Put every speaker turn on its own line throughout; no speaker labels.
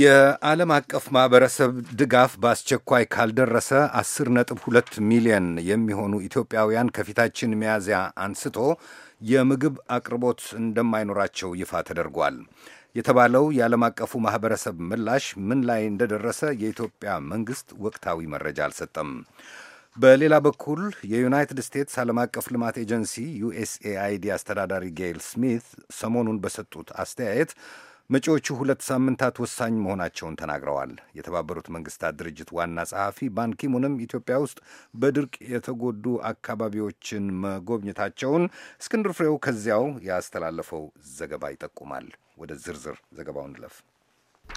የዓለም አቀፍ ማህበረሰብ ድጋፍ በአስቸኳይ ካልደረሰ 10.2 ሚሊዮን የሚሆኑ ኢትዮጵያውያን ከፊታችን ሚያዝያ አንስቶ የምግብ አቅርቦት እንደማይኖራቸው ይፋ ተደርጓል። የተባለው የዓለም አቀፉ ማህበረሰብ ምላሽ ምን ላይ እንደደረሰ የኢትዮጵያ መንግሥት ወቅታዊ መረጃ አልሰጠም። በሌላ በኩል የዩናይትድ ስቴትስ ዓለም አቀፍ ልማት ኤጀንሲ ዩኤስኤአይዲ አስተዳዳሪ ጌይል ስሚት ሰሞኑን በሰጡት አስተያየት መጪዎቹ ሁለት ሳምንታት ወሳኝ መሆናቸውን ተናግረዋል። የተባበሩት መንግስታት ድርጅት ዋና ጸሐፊ ባንኪሙንም ኢትዮጵያ ውስጥ በድርቅ የተጎዱ አካባቢዎችን መጎብኘታቸውን እስክንድር ፍሬው ከዚያው ያስተላለፈው ዘገባ ይጠቁማል። ወደ ዝርዝር ዘገባው እንለፍ።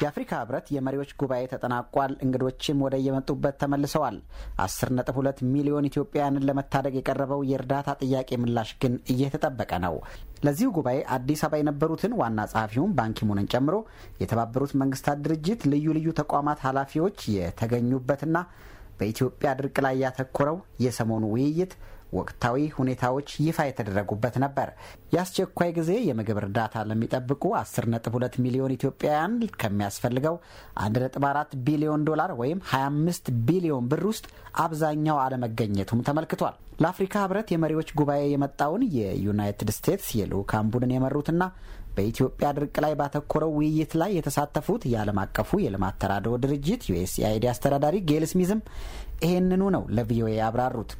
የአፍሪካ ህብረት የመሪዎች ጉባኤ ተጠናቋል። እንግዶችም ወደ የመጡበት ተመልሰዋል። 10.2 ሚሊዮን ኢትዮጵያውያንን ለመታደግ የቀረበው የእርዳታ ጥያቄ ምላሽ ግን እየተጠበቀ ነው። ለዚሁ ጉባኤ አዲስ አበባ የነበሩትን ዋና ጸሐፊውን ባንኪሙንን ጨምሮ የተባበሩት መንግስታት ድርጅት ልዩ ልዩ ተቋማት ኃላፊዎች የተገኙበትና በኢትዮጵያ ድርቅ ላይ ያተኮረው የሰሞኑ ውይይት ወቅታዊ ሁኔታዎች ይፋ የተደረጉበት ነበር። የአስቸኳይ ጊዜ የምግብ እርዳታ ለሚጠብቁ 10.2 ሚሊዮን ኢትዮጵያውያን ከሚያስፈልገው 1.4 ቢሊዮን ዶላር ወይም 25 ቢሊዮን ብር ውስጥ አብዛኛው አለመገኘቱም ተመልክቷል። ለአፍሪካ ሕብረት የመሪዎች ጉባኤ የመጣውን የዩናይትድ ስቴትስ የልዑካን ቡድን የመሩትና በኢትዮጵያ ድርቅ ላይ ባተኮረው ውይይት ላይ የተሳተፉት የዓለም አቀፉ የልማት ተራድኦ ድርጅት ዩኤስኤአይዲ አስተዳዳሪ ጌል ስሚዝም ይህንኑ ነው ለቪኦኤ
ያብራሩት።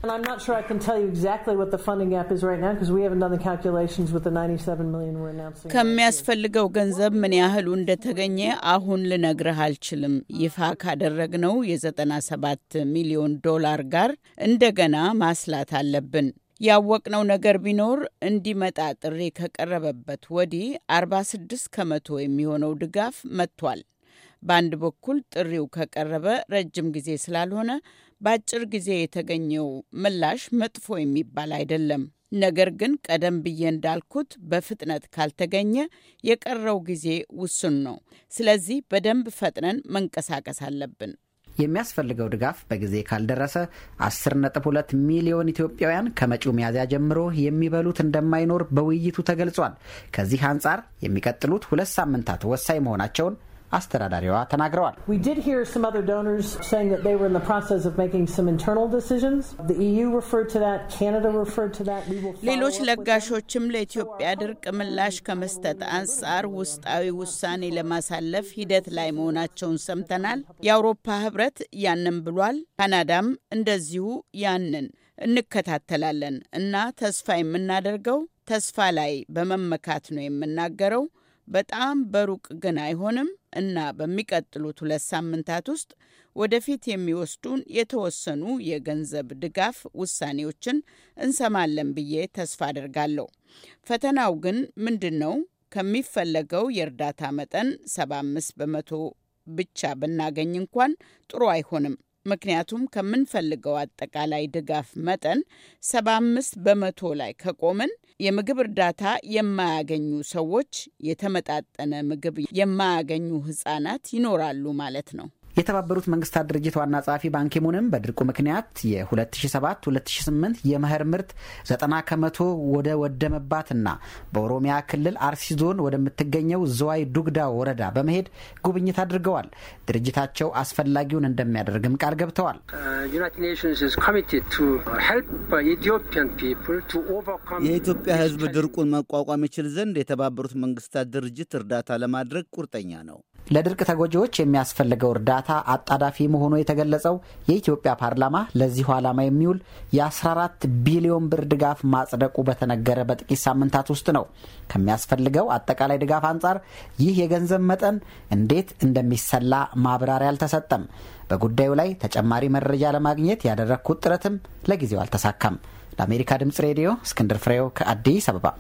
ከሚያስፈልገው ገንዘብ ምን ያህሉ እንደተገኘ አሁን ልነግርህ አልችልም። ይፋ ካደረግነው የ97 ሚሊዮን ዶላር ጋር እንደገና ማስላት አለብን። ያወቅነው ነገር ቢኖር እንዲመጣ ጥሪ ከቀረበበት ወዲህ 46 ከመቶ የሚሆነው ድጋፍ መጥቷል። በአንድ በኩል ጥሪው ከቀረበ ረጅም ጊዜ ስላልሆነ በአጭር ጊዜ የተገኘው ምላሽ መጥፎ የሚባል አይደለም። ነገር ግን ቀደም ብዬ እንዳልኩት በፍጥነት ካልተገኘ የቀረው ጊዜ ውሱን ነው። ስለዚህ በደንብ ፈጥነን መንቀሳቀስ አለብን።
የሚያስፈልገው ድጋፍ በጊዜ ካልደረሰ 10.2 ሚሊዮን ኢትዮጵያውያን ከመጪው ሚያዝያ ጀምሮ የሚበሉት እንደማይኖር በውይይቱ ተገልጿል። ከዚህ አንጻር የሚቀጥሉት ሁለት ሳምንታት ወሳኝ መሆናቸውን አስተዳዳሪዋ ተናግረዋል። e
ሌሎች ለጋሾችም ለኢትዮጵያ ድርቅ ምላሽ ከመስጠት አንጻር ውስጣዊ ውሳኔ ለማሳለፍ ሂደት ላይ መሆናቸውን ሰምተናል። የአውሮፓ ህብረት ያንን ብሏል። ካናዳም እንደዚሁ ያንን እንከታተላለን እና ተስፋ የምናደርገው ተስፋ ላይ በመመካት ነው የምናገረው በጣም በሩቅ ግን አይሆንም እና በሚቀጥሉት ሁለት ሳምንታት ውስጥ ወደፊት የሚወስዱን የተወሰኑ የገንዘብ ድጋፍ ውሳኔዎችን እንሰማለን ብዬ ተስፋ አድርጋለሁ። ፈተናው ግን ምንድን ነው? ከሚፈለገው የእርዳታ መጠን 75 በመቶ ብቻ ብናገኝ እንኳን ጥሩ አይሆንም። ምክንያቱም ከምንፈልገው አጠቃላይ ድጋፍ መጠን 75 በመቶ ላይ ከቆምን የምግብ እርዳታ የማያገኙ ሰዎች፣ የተመጣጠነ ምግብ የማያገኙ ህጻናት ይኖራሉ ማለት ነው።
የተባበሩት መንግስታት ድርጅት ዋና ጸሐፊ ባንኪሙንም በድርቁ ምክንያት የ2007-2008 የመኸር ምርት 90 ከመቶ ወደ ወደመባትና በኦሮሚያ ክልል አርሲ ዞን ወደምትገኘው ዝዋይ ዱግዳ ወረዳ በመሄድ ጉብኝት አድርገዋል። ድርጅታቸው አስፈላጊውን እንደሚያደርግም ቃል ገብተዋል።
የኢትዮጵያ ሕዝብ
ድርቁን መቋቋም ይችል ዘንድ የተባበሩት መንግስታት ድርጅት እርዳታ ለማድረግ ቁርጠኛ ነው። ለድርቅ ተጎጂዎች የሚያስፈልገው እርዳታ አጣዳፊ መሆኑ የተገለጸው የኢትዮጵያ ፓርላማ ለዚሁ ዓላማ የሚውል የ14 ቢሊዮን ብር ድጋፍ ማጽደቁ በተነገረ በጥቂት ሳምንታት ውስጥ ነው። ከሚያስፈልገው አጠቃላይ ድጋፍ አንጻር ይህ የገንዘብ መጠን እንዴት እንደሚሰላ ማብራሪያ አልተሰጠም። በጉዳዩ ላይ ተጨማሪ መረጃ ለማግኘት ያደረግኩት ጥረትም ለጊዜው አልተሳካም። ለአሜሪካ ድምፅ ሬዲዮ እስክንድር ፍሬው ከአዲስ አበባ